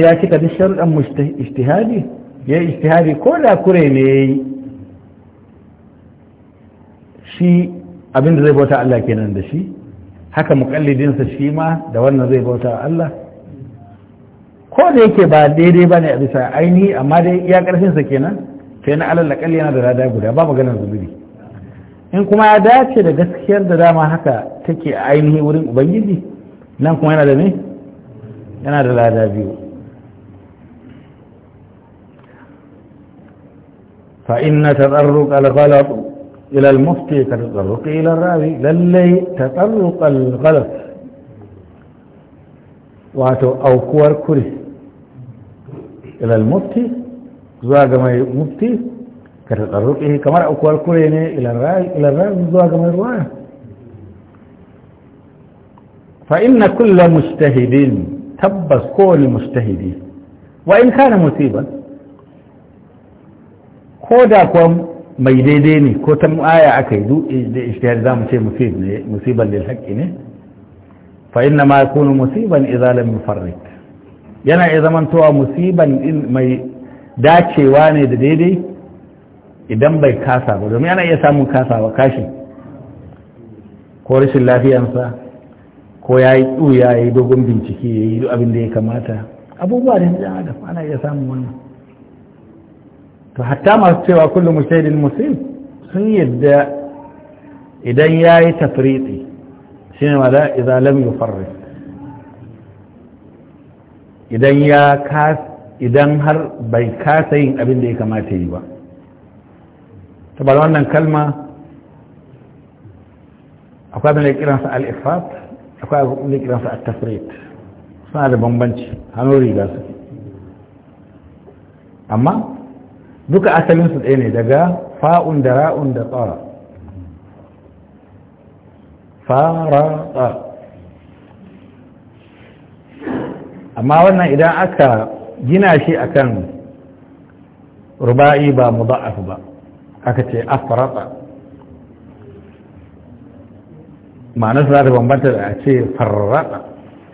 ya kika duk sharuɗan ijtihadi ya yi ijtihadi ko da kure ne ya yi shi abin da zai bauta Allah kenan da shi haka mukallidinsa shi ma da wannan zai bauta Allah ko da yake ba daidai ba ne a bisa ainihi amma dai iya ƙarfinsa kenan sai na alal laƙalli yana da rada guda ba maganar zubiri in kuma ya dace da gaskiyar da dama haka take a ainihi wurin ubangiji nan kuma yana da ne yana da lada biyu فإن تطرق الغلط إلى المفتي كتطرق إلى الراوي للي تطرق الغلط واتو أو كور كري إلى المفتي زواج ما مفتي إيه كما أو كور كري يعني إلى الراوي إلى الراوي زواج ما الرواية فإن كل مجتهد تبس كل مجتهد وإن كان مصيبا ko da kuwa mai daidai ne ko ta aya aka yi da ishtiyar za mu ce musibar lil haƙƙi ne fa inna ma yakunu musiban idza lam yufarrik yana iya towa musiban mai dacewa ne da daidai idan bai kasa ba domin ana iya samun kasawa kashi ko rashin lafiyansa ko ya yi ɗuya ya yi dogon bincike ya yi abin da ya kamata abubuwa da ya adam ana iya samun wannan to hatta masu cewa kullum musaidin musim sun yadda idan ya yi tafriti shi ne mada izalam yi farri idan ya kas idan har bai kasa yin abin da ya kamata yi ba tabar wannan kalma akwai abin da kiransa al-ifrat akwai abin da kiransa al-tafrit suna da bambanci hannun riga su amma duka asalinsu ɗaya ne daga fa'un da ra'un da tsara fara amma wannan idan aka gina shi akan ruba'i ba mu mudaf ba aka ce afrata ma'anar za ta bambanta da a ce farrata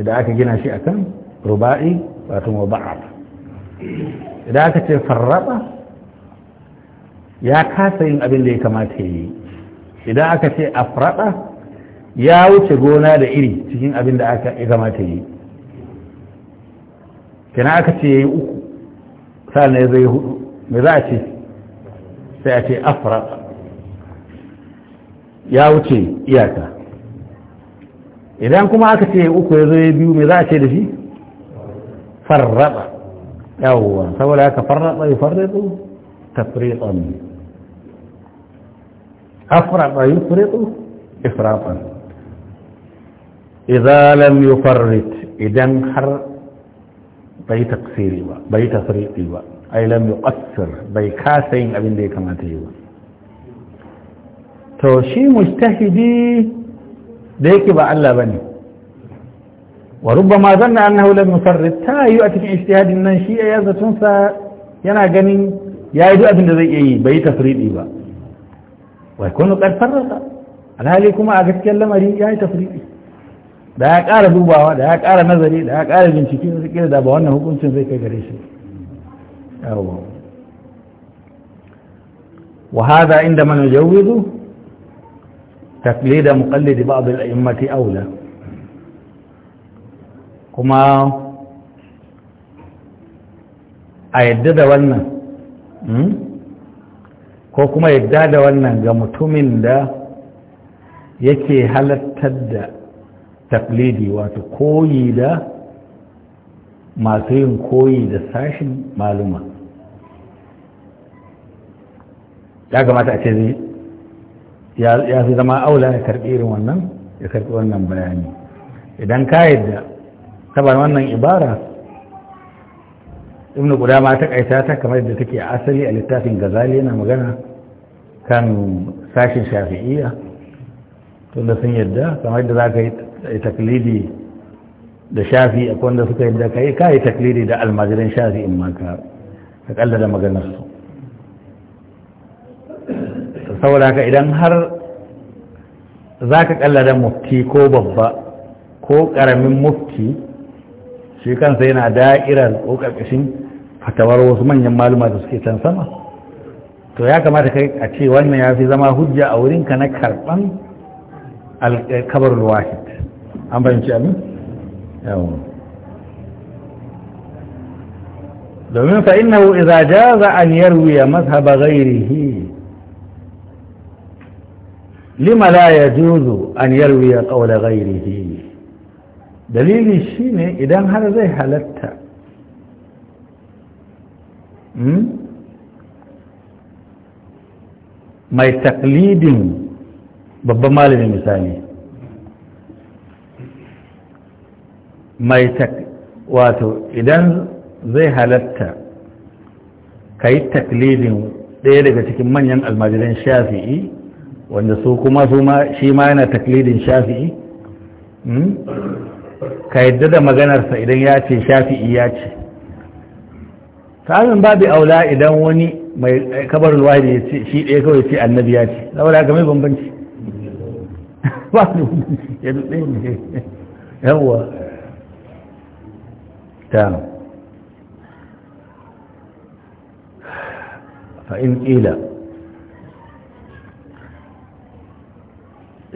idan aka gina shi akan ruba'i ba ba'a mudaf idan aka ce farrata ya kasa yin abin da ya kamata ya yi idan aka ce a faraɗa ya wuce gona da iri cikin abin da aka ya kamata ya yi kina aka ce ya yi uku sa'an ya zai hudu me za a ce sai a ce a faraɗa ya wuce iyaka idan kuma aka ce ya uku ya zo ya biyu me za a ce da shi farraba yawon saboda aka farraba ya farraba tafriqan afrata yufritu ifratan idza lam yufarrit idan har bai taksiri ba bai tasriti ba ai lam yuqassir bai kasa yin abin da ya kamata yi ba to shi mujtahidi da yake ba Allah bane wa rubbama zanna annahu lam yufarrit ta yi a cikin ijtihadin nan shi ya yana ganin yayi duk abin da zai iya yi bai tasriti ba ويكون قد فرق أنا ليكم أعجبك اللهم لي يعني تفريقي ده أكار دوباوة ده أكار نظري ده أكار جنشكين كده ده بوانا هو كنت سنفيك كريسي أهو وهذا عندما نجوز تقليد مقلد بعض الأئمة أولى كما أيدد ولنا ko kuma yadda da wannan ga mutumin da yake halattar da taklidi wato koyi da masu yin koyi da sashin maluma ya kamata a ce zai ya fi zama aula ya karɓi irin wannan ya karɓi wannan bayani idan ka yadda tabar wannan ibara ibn ma ta kaita ta kamar da take asali a littafin gazali yana magana kan sashin shafi'iyya tunda sun yadda kamar yadda za ka yi taklidi da shafi a wanda suka yadda ka yi ka yi taklidi da almajirin shafi in ma ka kalla da maganarsu saboda ka idan har za ka kalla da mufti ko babba ko karamin mufti shi kansa yana da'irar ko karkashin fatawar wasu manyan maluma da suke can sama to ya kamata kai a ce wannan ya fi zama hujja a wurinka na karɓan alkabar wahid an fahimci amin? yawon domin fa innahu idza jaza an yarwi mazhab gairihi. lima la yajuzu an yarwi qawl ghayrihi dalili shine idan har zai halatta hmm? mai taklidin babban malamin misali mai wato idan zai halatta ka yi taklidin ɗaya daga cikin manyan almajiran shafi'i wanda su kuma su ma shi ma yana taklidin shafi'i hmm? ka yadda da maganarsa idan ya ce shafi'i ya ce ta babu aula idan wani mai kabarin wahidi ya ce shi ɗaya kawai ce annabi ya ce saboda haka mai bambanci ba su bambanci ya dutse ne yawwa ta fa'in ƙila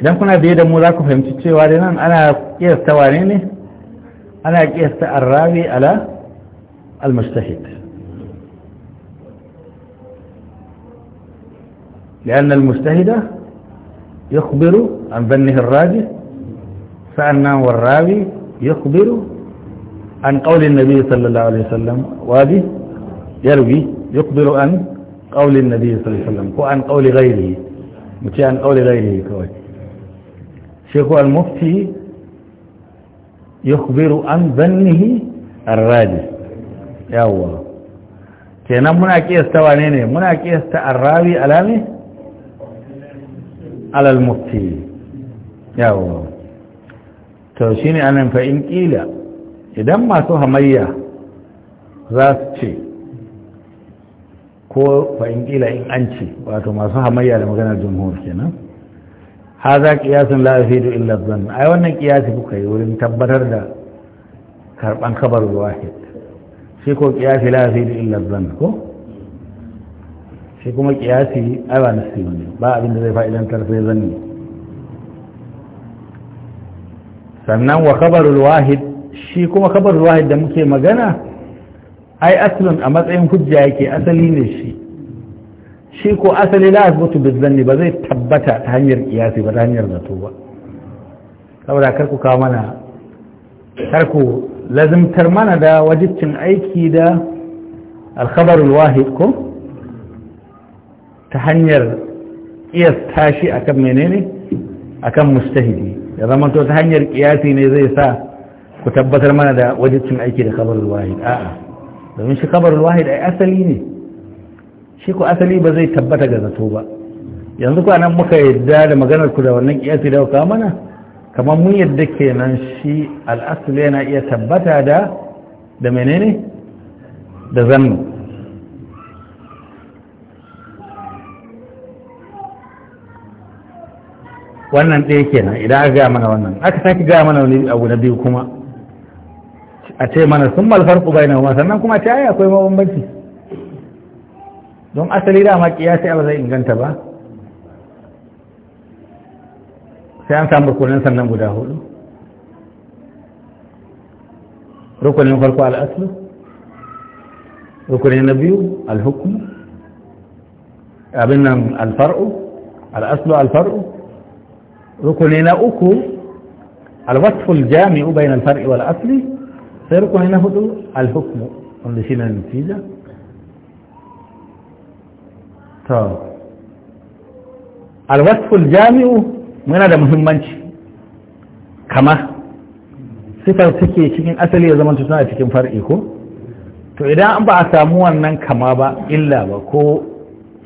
idan kuna biye da mu za ku fahimci cewa da nan ana ƙiyasta wane ne ana ƙiyasta arrabi ala al-mustahid لأن المجتهد يخبر عن ظنه الراجح فأنه والراوي يخبر عن قول النبي صلى الله عليه وسلم وادي يروي يخبر عن قول النبي صلى الله عليه وسلم وعن قول غيره متي عن قول غيره كوي شيخ المفتي يخبر عن ظنه الراجح يا الله كنا منا kiyasta wane منا muna الراوي arrawi alal mufti yawo to shi ne anan fa'in ƙila idan masu hamayya za su ce ko fa'in ƙila in an ce wato masu hamayya da maganar jumhur kenan ha za ki la yafidu illa dhann ai wannan kiyasi kuka yi wurin tabbatar da karban kabar wahid shi ko kiyasi la yafidu illa dhann ko shi kuma kiyasi ai ba nasi ne ba abin da zai fa'idantar sai zanni sannan wa khabarul wahid shi kuma khabarul wahid da muke magana ai aslun a matsayin hujja yake asali ne shi shi ko asali la asbutu bizanni ba zai tabbata ta hanyar kiyasi ba ta hanyar zato ba saboda kar ku kawo mana kar ku lazimtar mana da wajibcin aiki da alkhabarul wahid ko ta hanyar kiyasta shi akan menene akan mustahidi ya zama to ta hanyar kiyasi ne zai sa ku tabbatar mana da wajibcin aiki da kabarul wahid a'a domin shi kabarul wahid ai asali ne shi ku asali ba zai tabbata ga zato ba yanzu ku nan muka yadda da maganar ku da wannan kiyasi da kuka mana kamar mun yadda kenan shi asali yana iya tabbata da da menene da zannu wannan ɗaya kenan idan aka gaya mana wannan aka sake gaya mana wani abu na biyu kuma a ce mana sun malfar ku bai na sannan kuma ta yi akwai mabambanci don asali dama kiyasi ala zai inganta ba sai an samu rukunin sannan guda hudu rukunin farko al'aslu rukunin na biyu al abin nan al-far'u al-aslu al-far'u rukuni na uku alwatful jami'u bayan alfar'i wal asli sai rukuni na hudu alhukmu wanda shi na natija to alwatful jami'u muna da muhimmanci kama sifar take cikin asali ya zama tana cikin far'i ko to idan an ba a samu wannan kama ba illa ba ko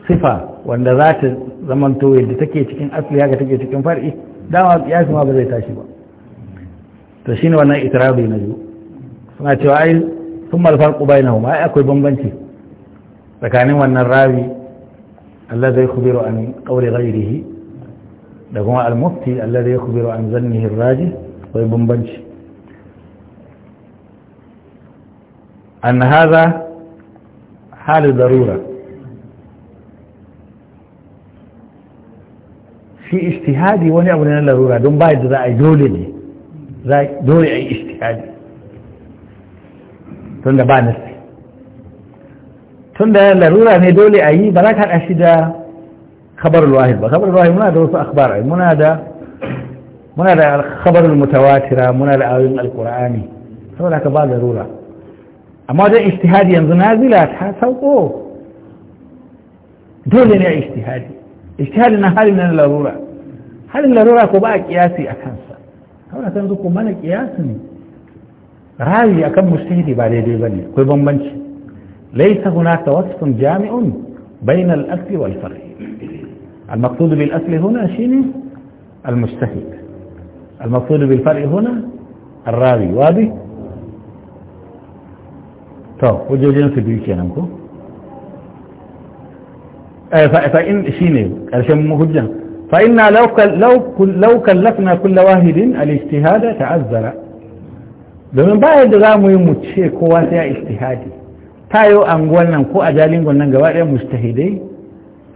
sifa wanda za ta zamanto yadda take cikin asali haka take cikin far'i dama ya fi ba zai tashi ba to shine wannan itirabi na biyu suna cewa ai sun malfar ƙubai na huma ai akwai bambanci tsakanin wannan Rabi Allah zai kubiru an ƙaure ghairihi da kuma al-mufti Allah zai kubiru an zannihi raji akwai bambanci an haza hali darura shi istihadi wani abu ne na larura don bayan da za a yi dole ne za dole a yi istihadi tun da ba nasi tun da larura ne dole a yi ba za ka ɗashi da kabar wahid ba kabar wahid muna da wasu akhbar muna da muna da kabar mutawatira muna da ayoyin alkur'ani saboda ka ba larura amma wajen istihadi yanzu nazila ta sauko dole ne a istihadi ishkali na hali na larura halin larura ko ba a kiyasi a kansa kawai kan zuku mana kiyasi ne rawi akan mustahidi ba daidai bane akwai bambanci laysa hunaka wasfun jami'un bain al-asl wal far'i المقصود بالأصل هنا شنو المستهلك المقصود بالفرع هنا الراوي واضح طب وجوجين في بيكي نمكو فإن شيني عشان مهجا fa'in na لو لو كلفنا كل واحد الاجتهاد تعذر domin ba yadda za mu yi mu ce kowa sai ya istihadi tayo anguwan nan ko a jalingon nan gaba ɗaya mustahidai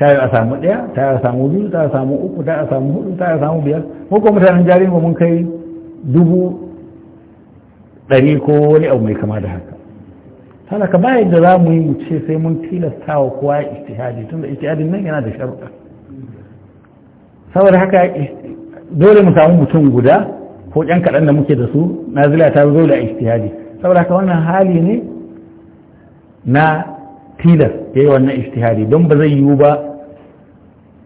tayo a samu ɗaya tayo a samu biyu tayo a samu uku tayo a samu hudu tayo a samu biyar mu ko mutanen jalingon mun kai dubu ɗari ko wani abu mai kama da haka talaka ba yadda za mu yi mu ce sai mun tilasta wa kowa ijtihadi tunda ijtihadin nan yana da shar'a saboda haka dole mu samu mutum guda ko ƴan kaɗan da muke da su nazila ta zo da ijtihadi saboda haka wannan hali ne na tilas ya yi wannan ijtihadi don ba zai yiwu ba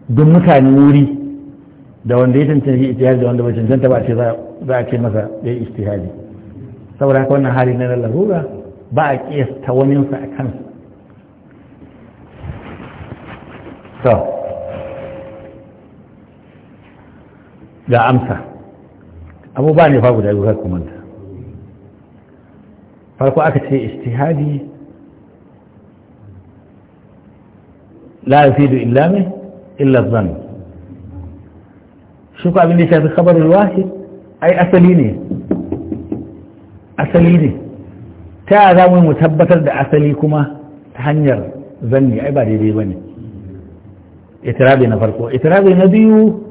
don mutane wuri da wanda ya cancanci ijtihadi da wanda ba cancanta ba ce za a ce masa ya yi ijtihadi saboda haka wannan hali ne na lalarura ba a kiyasta waninsa a kansa so ga amsa abubuwa ne fa guda biyu kuma ta farko aka ce istihadi la yafidu illa min illa zan shi ko abin da ya shafi khabarul wahid ai asali ne asali ne ta za mu tabbatar da asali kuma ta hanyar zanni ai ba daidai ba ne itirabi na farko itirabi na biyu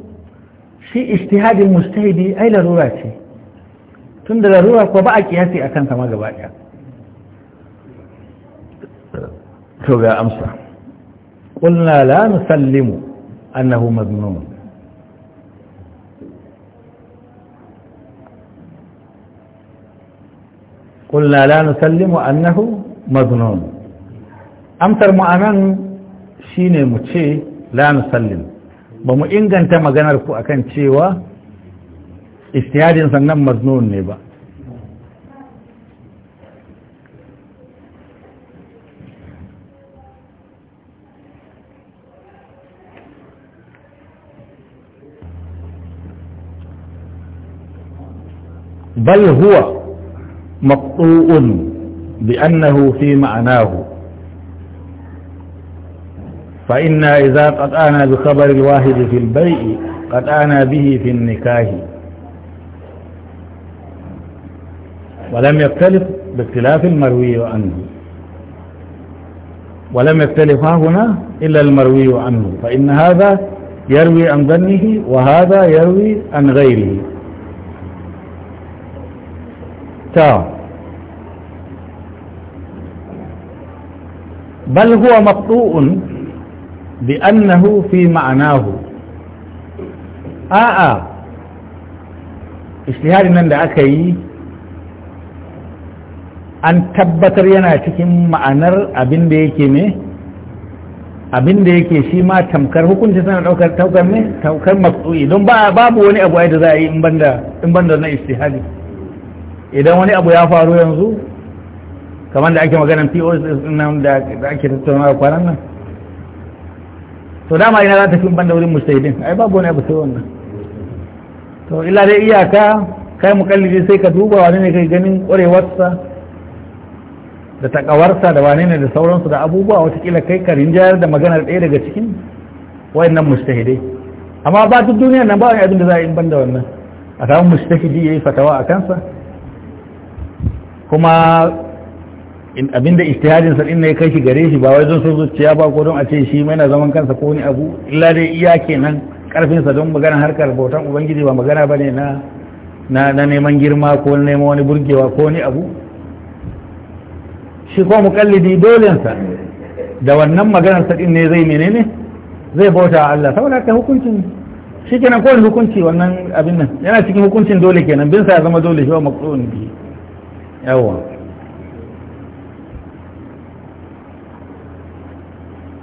shi istihadin mustahidi ai larura ce tun da larura ko ba a kiyasi a kansa ma gaba ɗaya to ga amsa قلنا لا نسلم أنه مذموم قلنا لا نسلم أنه مظنون أمتر مؤمن شيني متشي لا نسلم بمو إنغان تما جنركو أكن تشيوا اجتهاد سنن مظنون نبا بل هو مقطوع بأنه في معناه فإنا إذا قد آنا بخبر الواحد في البيع قد آنا به في النكاه ولم يختلف باختلاف المروي عنه ولم يختلف هنا إلا المروي عنه فإن هذا يروي عن ظنه وهذا يروي عن غيره ta bal huwa maqtu'un bi annahu fi ma'anahu a'a istihari nan da aka yi an tabbatar yana cikin ma'anar abin da yake ne abin da yake shi ma tamkar hukunci sana daukar taukar ne taukar maqtu'i don babu wani abu da za a yi in banda na istihari idan wani abu ya faru yanzu kamar da ake maganin pos nan da ake tattauna kwanan nan to dama ina za ta fi banda wurin mustahidin ai babu wani abu sai wannan to illa dai iyaka kai mukallidi sai ka duba wani ne kai ganin kwarewarsa da takawarsa da wani ne da sauransu da abubuwa watakila kai ka rinjayar da maganar ɗaya daga cikin wayannan mustahidai amma ba duk duniyar nan ba wani abin da za a yi banda wannan a samu mustahidi ya yi fatawa a kansa kuma abinda istihadin sa ne kai shi gare shi ba wai don sun zuciya ba ko don a ce shi mai na zaman kansa ko wani abu illa dai iya kenan karfin sa don magana harkar bautan ubangiji ba magana bane na na na neman girma ko neman wani burgewa ko wani abu shi ko mukallidi dolen sa da wannan maganar sa ne zai menene zai bauta Allah saboda ta hukuncin shi kenan ko hukunci wannan abin nan yana cikin hukuncin dole kenan bin sa ya zama dole shi ba maqsuun bi Yawa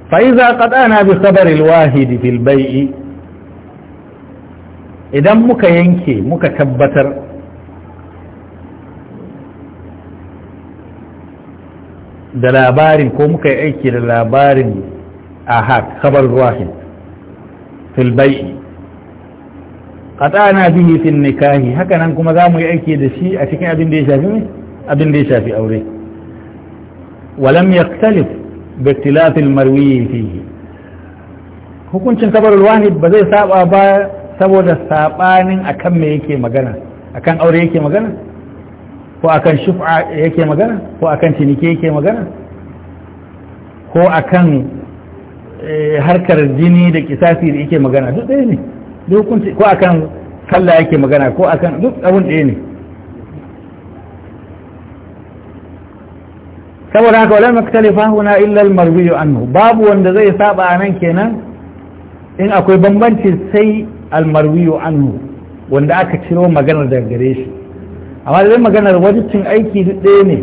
fa'iza ƙaɗana bi sabaril wahidi fil bai'i idan muka yanke muka tabbatar da labarin ko muka yi aiki da labarin ahad sabar wahid fil bai'i ƙaɗana bihi fil nikahi haka nan kuma za mu yi aiki da shi a cikin abin da ya shafi ne. abin da ya shafi aure walam yaktalif bi ikhtilafil marwi fihi hukuncin kabarul wahid ba zai saba ba saboda sabanin akan me yake magana akan aure yake magana ko akan shuf'a yake magana ko akan cinike yake magana ko akan eh, harkar jini da kisasi da yake magana duk ɗaya ne duk ko akan sallah yake magana ko akan duk abun ɗaya ne saboda haka wala maktalifa huna illa al-marwi anhu babu wanda zai saba nan kenan in akwai bambanci sai al-marwi anhu wanda aka ciro maganar daga gare shi amma dai maganar wajibcin aiki duk ɗaya ne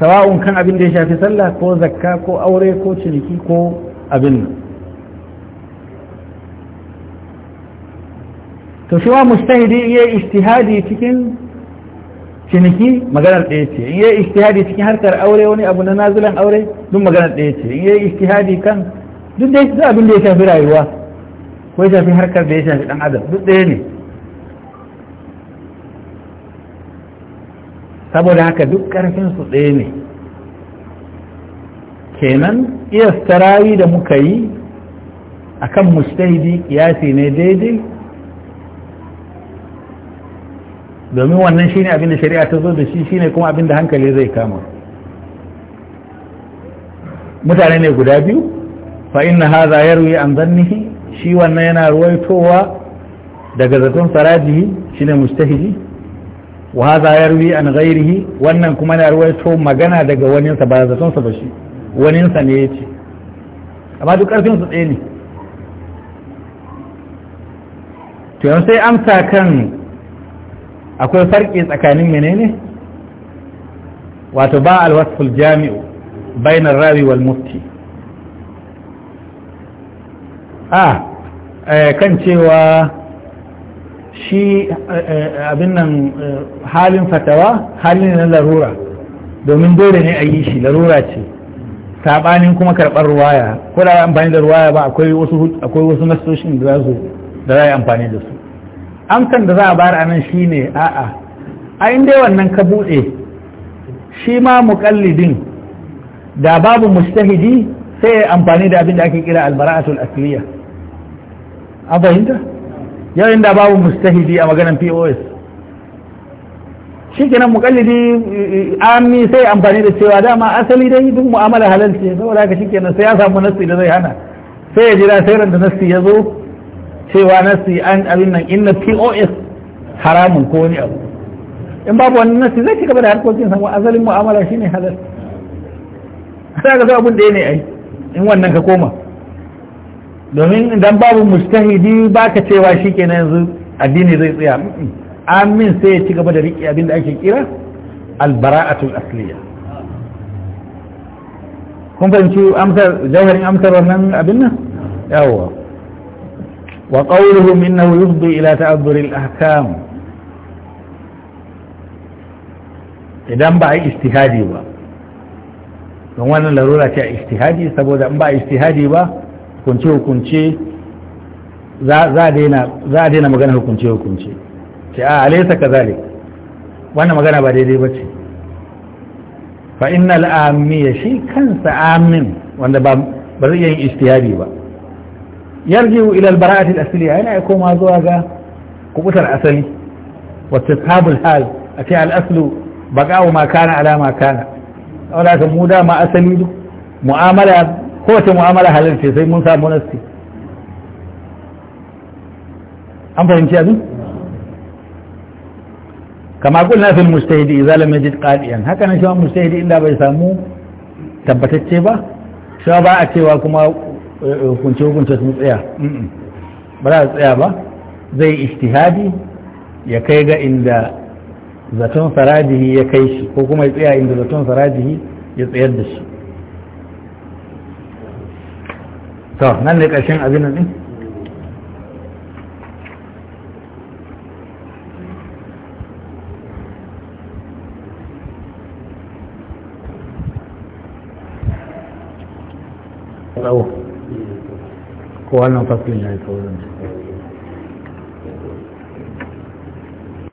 sawa'un kan abin da ya shafi sallah ko zakka ko aure ko ciniki ko abin to shi wa mustahidi ya ijtihadi cikin ciniki maganar ɗaya ce in yi ijtihadi cikin harkar aure wani abu na nazilan aure duk maganar ɗaya ce in yi ijtihadi kan duk da duk abin da ya shafi rayuwa ko ya shafi harkar da ya shafi dan adam duk ɗaya ne saboda haka duk ƙarfin su ɗaya ne kenan iya sarawi da muka yi akan mustahidi kiyasi ne daidai domin wannan shine abin da shari'a ta zo da shi shine kuma abin da hankali zai kama mutane ne guda biyu fa inna hadha yarwi an dhannihi shi wannan yana ruwaitowa daga zaton farajihi shine mustahiji wa hadha yarwi an ghairihi wannan kuma yana ruwaito magana daga sa ba zaton sa ba shi sa ne yace amma duk karfin su tsaye ne to yanzu sai amsa kan akwai farki tsakanin menene wato ba alwasful jami'u bainar rawi wal mufti a eh, kan cewa shi eh, abin nan eh, halin fatawa halin na larura domin dole ne a yi shi larura ce sabanin kuma karɓar ruwaya ko da amfani da ruwaya ba akwai wasu nasoshin da za da za a yi amfani da su amsan da za a bayar a nan shi ne a'a a inda wannan ka buɗe shi ma muƙallidin da babu mustahidi sai ya amfani da abin da ake kira albara'atul asliya an fahimta yau inda babu mustahidi a maganan pos shi kenan muƙallidi ami sai amfani da cewa dama asali dai duk mu'amala halal ce saboda haka shi kenan sai ya samu nassi da zai hana sai ya jira sai ran da nassi ya zo cewa nasi an abin nan inna POS haramun ko wani abu in babu wani nasi zai cigaba da harkokin sa azalin mu'amala shine halal sai ga abun da ne ai in wannan ka koma domin idan babu mustahidi baka cewa shikenan yanzu addini zai tsaya amin sai ya ci gaba da riƙe abin da ake kira albara'atul asliya kun fahimci amsar jawharin amsar wannan abin nan yawwa وقولهم إنه يفضي إلى تأبر الأحكام idan ba a yi istihadi ba don wannan larura ce a istihadi saboda in ba a istihadi ba hukunce-hukunce za a daina magana hukunce-hukunce ce a alaisa ka zale wannan magana ba daidai ba ce fa'in al'amiya shi kansa amin wanda ba zai yin istihadi ba yarjiu ila albara'ati al-asliya yana koma zuwa ga kubutar asali wa tashabul hal a ce al-aslu baqa'u ma kana ala ma kana wala ka mu ma asali duk mu'amala kowace mu'amala halal ce sai mun samu nasti an fahimci abin kama kulna fil mustahidi idza lam yajid qadiyan haka nan shi mustahidi inda bai samu tabbatacce ba shi ba a cewa kuma hukunce-hukunce sun tsaya ba za tsaya ba zai istihadi ya kai ga inda zaton farajihi ya kai shi ko kuma ya tsaya inda zaton farajihi ya tsayar da shi to nan ne karshen abin nan ko wannan faslin ya yi saurin